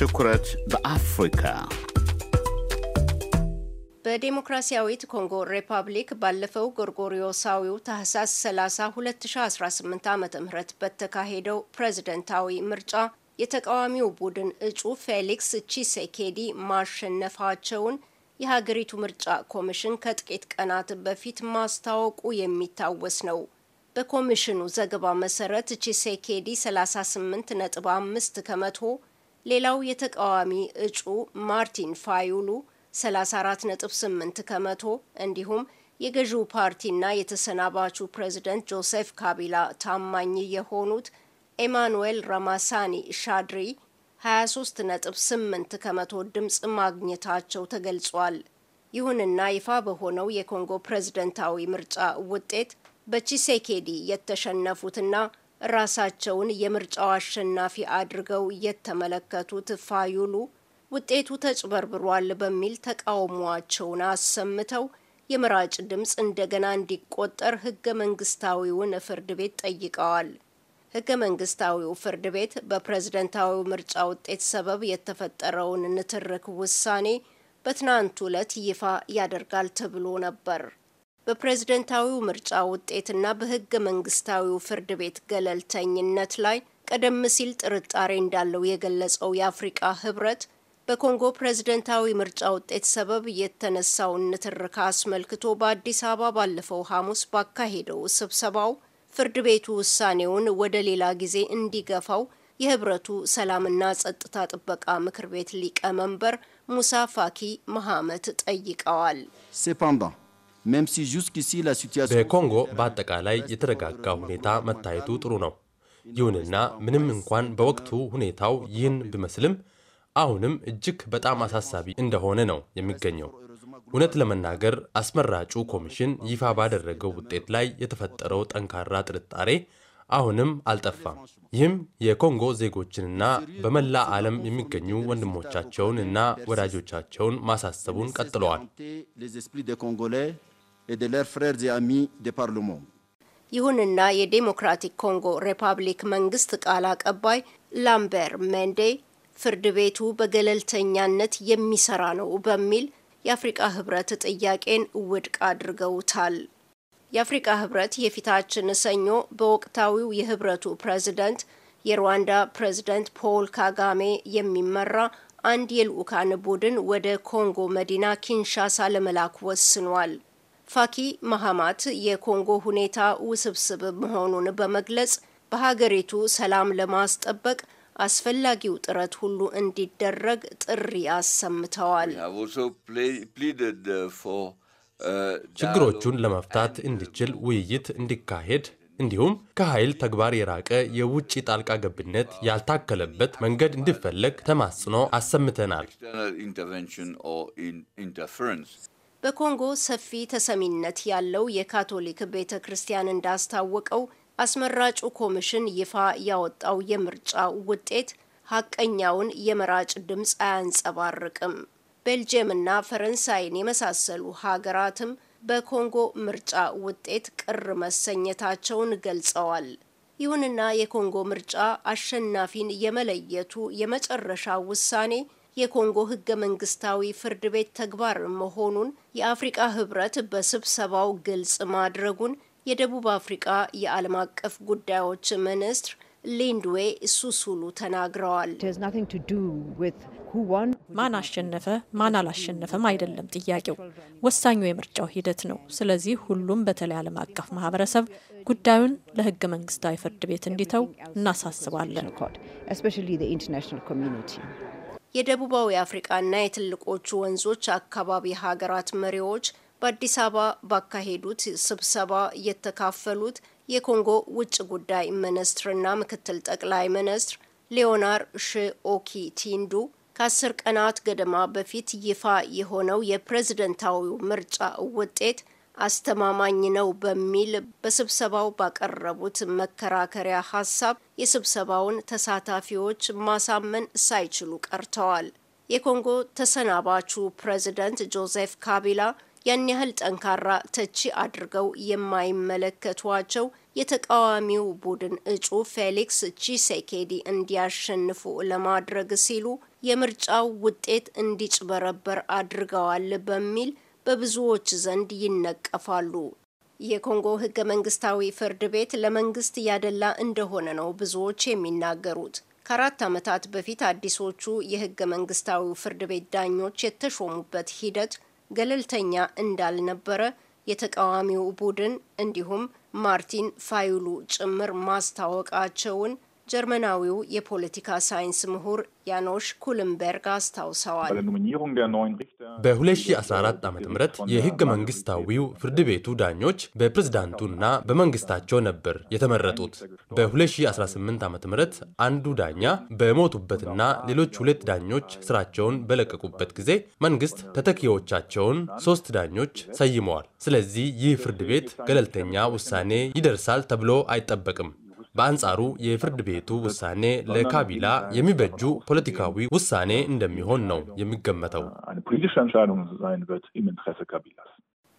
ትኩረት በአፍሪካ በዴሞክራሲያዊት ኮንጎ ሪፐብሊክ ባለፈው ጎርጎሪዮሳዊው ታህሳስ 30 2018 ዓ ም በተካሄደው ፕሬዝደንታዊ ምርጫ የተቃዋሚው ቡድን እጩ ፌሊክስ ቺሴኬዲ ማሸነፋቸውን የሀገሪቱ ምርጫ ኮሚሽን ከጥቂት ቀናት በፊት ማስታወቁ የሚታወስ ነው። በኮሚሽኑ ዘገባ መሰረት ቺሴኬዲ 38 ነጥብ 5 ከመቶ ሌላው የተቃዋሚ እጩ ማርቲን ፋዩሉ 34.8 ከመቶ እንዲሁም የገዢው ፓርቲና የተሰናባቹ ፕሬዝደንት ጆሴፍ ካቢላ ታማኝ የሆኑት ኤማኑኤል ራማሳኒ ሻድሪ 23.8 ከመቶ ድምፅ ማግኘታቸው ተገልጿል። ይሁንና ይፋ በሆነው የኮንጎ ፕሬዝደንታዊ ምርጫ ውጤት በቺሴኬዲ የተሸነፉትና ራሳቸውን የምርጫው አሸናፊ አድርገው የተመለከቱት ፋዩሉ ውጤቱ ተጭበርብሯል በሚል ተቃውሟቸውን አሰምተው የምራጭ ድምፅ እንደገና እንዲቆጠር ህገ መንግስታዊውን ፍርድ ቤት ጠይቀዋል። ህገ መንግስታዊው ፍርድ ቤት በፕሬዝደንታዊ ምርጫ ውጤት ሰበብ የተፈጠረውን ንትርክ ውሳኔ በትናንቱ ዕለት ይፋ ያደርጋል ተብሎ ነበር። በፕሬዝደንታዊው ምርጫ ውጤትና በህገ መንግስታዊው ፍርድ ቤት ገለልተኝነት ላይ ቀደም ሲል ጥርጣሬ እንዳለው የገለጸው የአፍሪቃ ህብረት በኮንጎ ፕሬዝደንታዊ ምርጫ ውጤት ሰበብ የተነሳውን ንትርክ አስመልክቶ በአዲስ አበባ ባለፈው ሐሙስ ባካሄደው ስብሰባው ፍርድ ቤቱ ውሳኔውን ወደ ሌላ ጊዜ እንዲገፋው የህብረቱ ሰላምና ጸጥታ ጥበቃ ምክር ቤት ሊቀመንበር ሙሳ ፋኪ መሐመት ጠይቀዋል። በኮንጎ በአጠቃላይ የተረጋጋ ሁኔታ መታየቱ ጥሩ ነው። ይሁንና ምንም እንኳን በወቅቱ ሁኔታው ይህን ቢመስልም አሁንም እጅግ በጣም አሳሳቢ እንደሆነ ነው የሚገኘው። እውነት ለመናገር አስመራጩ ኮሚሽን ይፋ ባደረገው ውጤት ላይ የተፈጠረው ጠንካራ ጥርጣሬ አሁንም አልጠፋም። ይህም የኮንጎ ዜጎችንና በመላ ዓለም የሚገኙ ወንድሞቻቸውን እና ወዳጆቻቸውን ማሳሰቡን ቀጥለዋል። et de leurs frères et amis des parlements. ይሁንና የዴሞክራቲክ ኮንጎ ሪፐብሊክ መንግስት ቃል አቀባይ ላምበር መንዴ ፍርድ ቤቱ በገለልተኛነት የሚሰራ ነው በሚል የአፍሪቃ ህብረት ጥያቄን ውድቅ አድርገውታል። የአፍሪቃ ህብረት የፊታችን ሰኞ በወቅታዊው የህብረቱ ፕሬዝደንት የሩዋንዳ ፕሬዝደንት ፖል ካጋሜ የሚመራ አንድ የልዑካን ቡድን ወደ ኮንጎ መዲና ኪንሻሳ ለመላክ ወስኗል። ፋኪ መሀማት የኮንጎ ሁኔታ ውስብስብ መሆኑን በመግለጽ በሀገሪቱ ሰላም ለማስጠበቅ አስፈላጊው ጥረት ሁሉ እንዲደረግ ጥሪ አሰምተዋል። uh, uh, ችግሮቹን ለመፍታት uh, እንዲችል ውይይት እንዲካሄድ እንዲሁም ከኃይል ተግባር የራቀ የውጭ ጣልቃ ገብነት ያልታከለበት መንገድ እንዲፈለግ ተማጽኖ አሰምተናል። በኮንጎ ሰፊ ተሰሚነት ያለው የካቶሊክ ቤተ ክርስቲያን እንዳስታወቀው አስመራጩ ኮሚሽን ይፋ ያወጣው የምርጫ ውጤት ሀቀኛውን የመራጭ ድምፅ አያንጸባርቅም። ቤልጅየምና ፈረንሳይን የመሳሰሉ ሀገራትም በኮንጎ ምርጫ ውጤት ቅር መሰኘታቸውን ገልጸዋል። ይሁንና የኮንጎ ምርጫ አሸናፊን የመለየቱ የመጨረሻ ውሳኔ የኮንጎ ህገ መንግስታዊ ፍርድ ቤት ተግባር መሆኑን የአፍሪቃ ህብረት በስብሰባው ግልጽ ማድረጉን የደቡብ አፍሪቃ የዓለም አቀፍ ጉዳዮች ሚኒስትር ሊንድዌ ሱሱሉ ተናግረዋል። ማን አሸነፈ ማን አላሸነፈም አይደለም ጥያቄው፣ ወሳኙ የምርጫው ሂደት ነው። ስለዚህ ሁሉም በተለይ ዓለም አቀፍ ማህበረሰብ ጉዳዩን ለህገ መንግስታዊ ፍርድ ቤት እንዲተው እናሳስባለን። የደቡባዊ አፍሪቃና የትልቆቹ ወንዞች አካባቢ ሀገራት መሪዎች በአዲስ አበባ ባካሄዱት ስብሰባ የተካፈሉት የኮንጎ ውጭ ጉዳይ ሚኒስትርና ምክትል ጠቅላይ ሚኒስትር ሊዮናር ሽኦኪ ቲንዱ ከአስር ቀናት ገደማ በፊት ይፋ የሆነው የፕሬዝደንታዊው ምርጫ ውጤት አስተማማኝ ነው በሚል በስብሰባው ባቀረቡት መከራከሪያ ሀሳብ የስብሰባውን ተሳታፊዎች ማሳመን ሳይችሉ ቀርተዋል። የኮንጎ ተሰናባቹ ፕሬዚደንት ጆዜፍ ካቢላ ያን ያህል ጠንካራ ተቺ አድርገው የማይመለከቷቸው የተቃዋሚው ቡድን እጩ ፌሊክስ ቺሴኬዲ እንዲያሸንፉ ለማድረግ ሲሉ የምርጫው ውጤት እንዲጭበረበር አድርገዋል በሚል በብዙዎች ዘንድ ይነቀፋሉ። የኮንጎ ህገ መንግስታዊ ፍርድ ቤት ለመንግስት ያደላ እንደሆነ ነው ብዙዎች የሚናገሩት። ከአራት ዓመታት በፊት አዲሶቹ የህገ መንግስታዊ ፍርድ ቤት ዳኞች የተሾሙበት ሂደት ገለልተኛ እንዳልነበረ የተቃዋሚው ቡድን እንዲሁም ማርቲን ፋይሉ ጭምር ማስታወቃቸውን ጀርመናዊው የፖለቲካ ሳይንስ ምሁር ያኖሽ ኩልምበርግ አስታውሰዋል። በ2014 ዓ ም የህገ መንግስታዊው ፍርድ ቤቱ ዳኞች በፕሬዝዳንቱና በመንግስታቸው ነበር የተመረጡት። በ2018 ዓ ም አንዱ ዳኛ በሞቱበትና ሌሎች ሁለት ዳኞች ስራቸውን በለቀቁበት ጊዜ መንግስት ተተኪዎቻቸውን ሶስት ዳኞች ሰይመዋል። ስለዚህ ይህ ፍርድ ቤት ገለልተኛ ውሳኔ ይደርሳል ተብሎ አይጠበቅም። በአንጻሩ የፍርድ ቤቱ ውሳኔ ለካቢላ የሚበጁ ፖለቲካዊ ውሳኔ እንደሚሆን ነው የሚገመተው።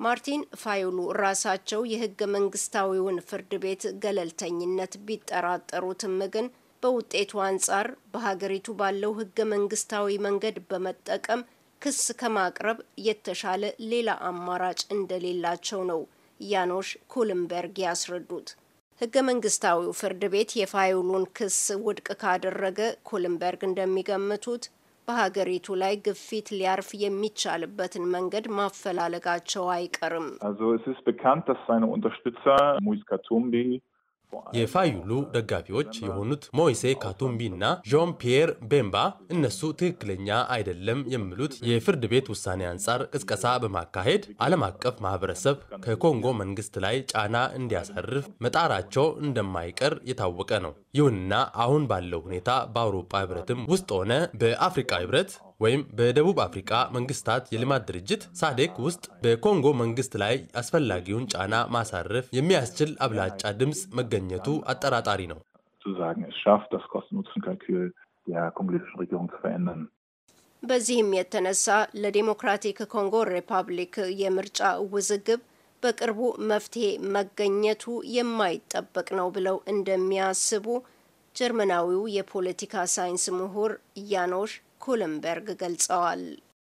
ማርቲን ፋይሉ ራሳቸው የህገ መንግስታዊውን ፍርድ ቤት ገለልተኝነት ቢጠራጠሩትም ግን በውጤቱ አንጻር በሀገሪቱ ባለው ህገ መንግስታዊ መንገድ በመጠቀም ክስ ከማቅረብ የተሻለ ሌላ አማራጭ እንደሌላቸው ነው ያኖሽ ኩልምበርግ ያስረዱት። ህገ መንግስታዊው ፍርድ ቤት የፋይሉን ክስ ውድቅ ካደረገ ኮልምበርግ እንደሚገምቱት በሀገሪቱ ላይ ግፊት ሊያርፍ የሚቻልበትን መንገድ ማፈላለጋቸው አይቀርም። የፋዩሉ ደጋፊዎች የሆኑት ሞይሴ ካቱምቢ እና ዣን ፒየር ቤምባ እነሱ ትክክለኛ አይደለም የሚሉት የፍርድ ቤት ውሳኔ አንጻር ቅስቀሳ በማካሄድ ዓለም አቀፍ ማህበረሰብ ከኮንጎ መንግስት ላይ ጫና እንዲያሳርፍ መጣራቸው እንደማይቀር የታወቀ ነው። ይሁንና አሁን ባለው ሁኔታ በአውሮፓ ህብረትም ውስጥ ሆነ በአፍሪካ ህብረት ወይም በደቡብ አፍሪካ መንግስታት የልማት ድርጅት ሳዴክ ውስጥ በኮንጎ መንግስት ላይ አስፈላጊውን ጫና ማሳረፍ የሚያስችል አብላጫ ድምፅ መገኘቱ አጠራጣሪ ነው። በዚህም የተነሳ ለዴሞክራቲክ ኮንጎ ሪፐብሊክ የምርጫ ውዝግብ በቅርቡ መፍትሄ መገኘቱ የማይጠበቅ ነው ብለው እንደሚያስቡ ጀርመናዊው የፖለቲካ ሳይንስ ምሁር ያኖሽ كولنبرغ قلصال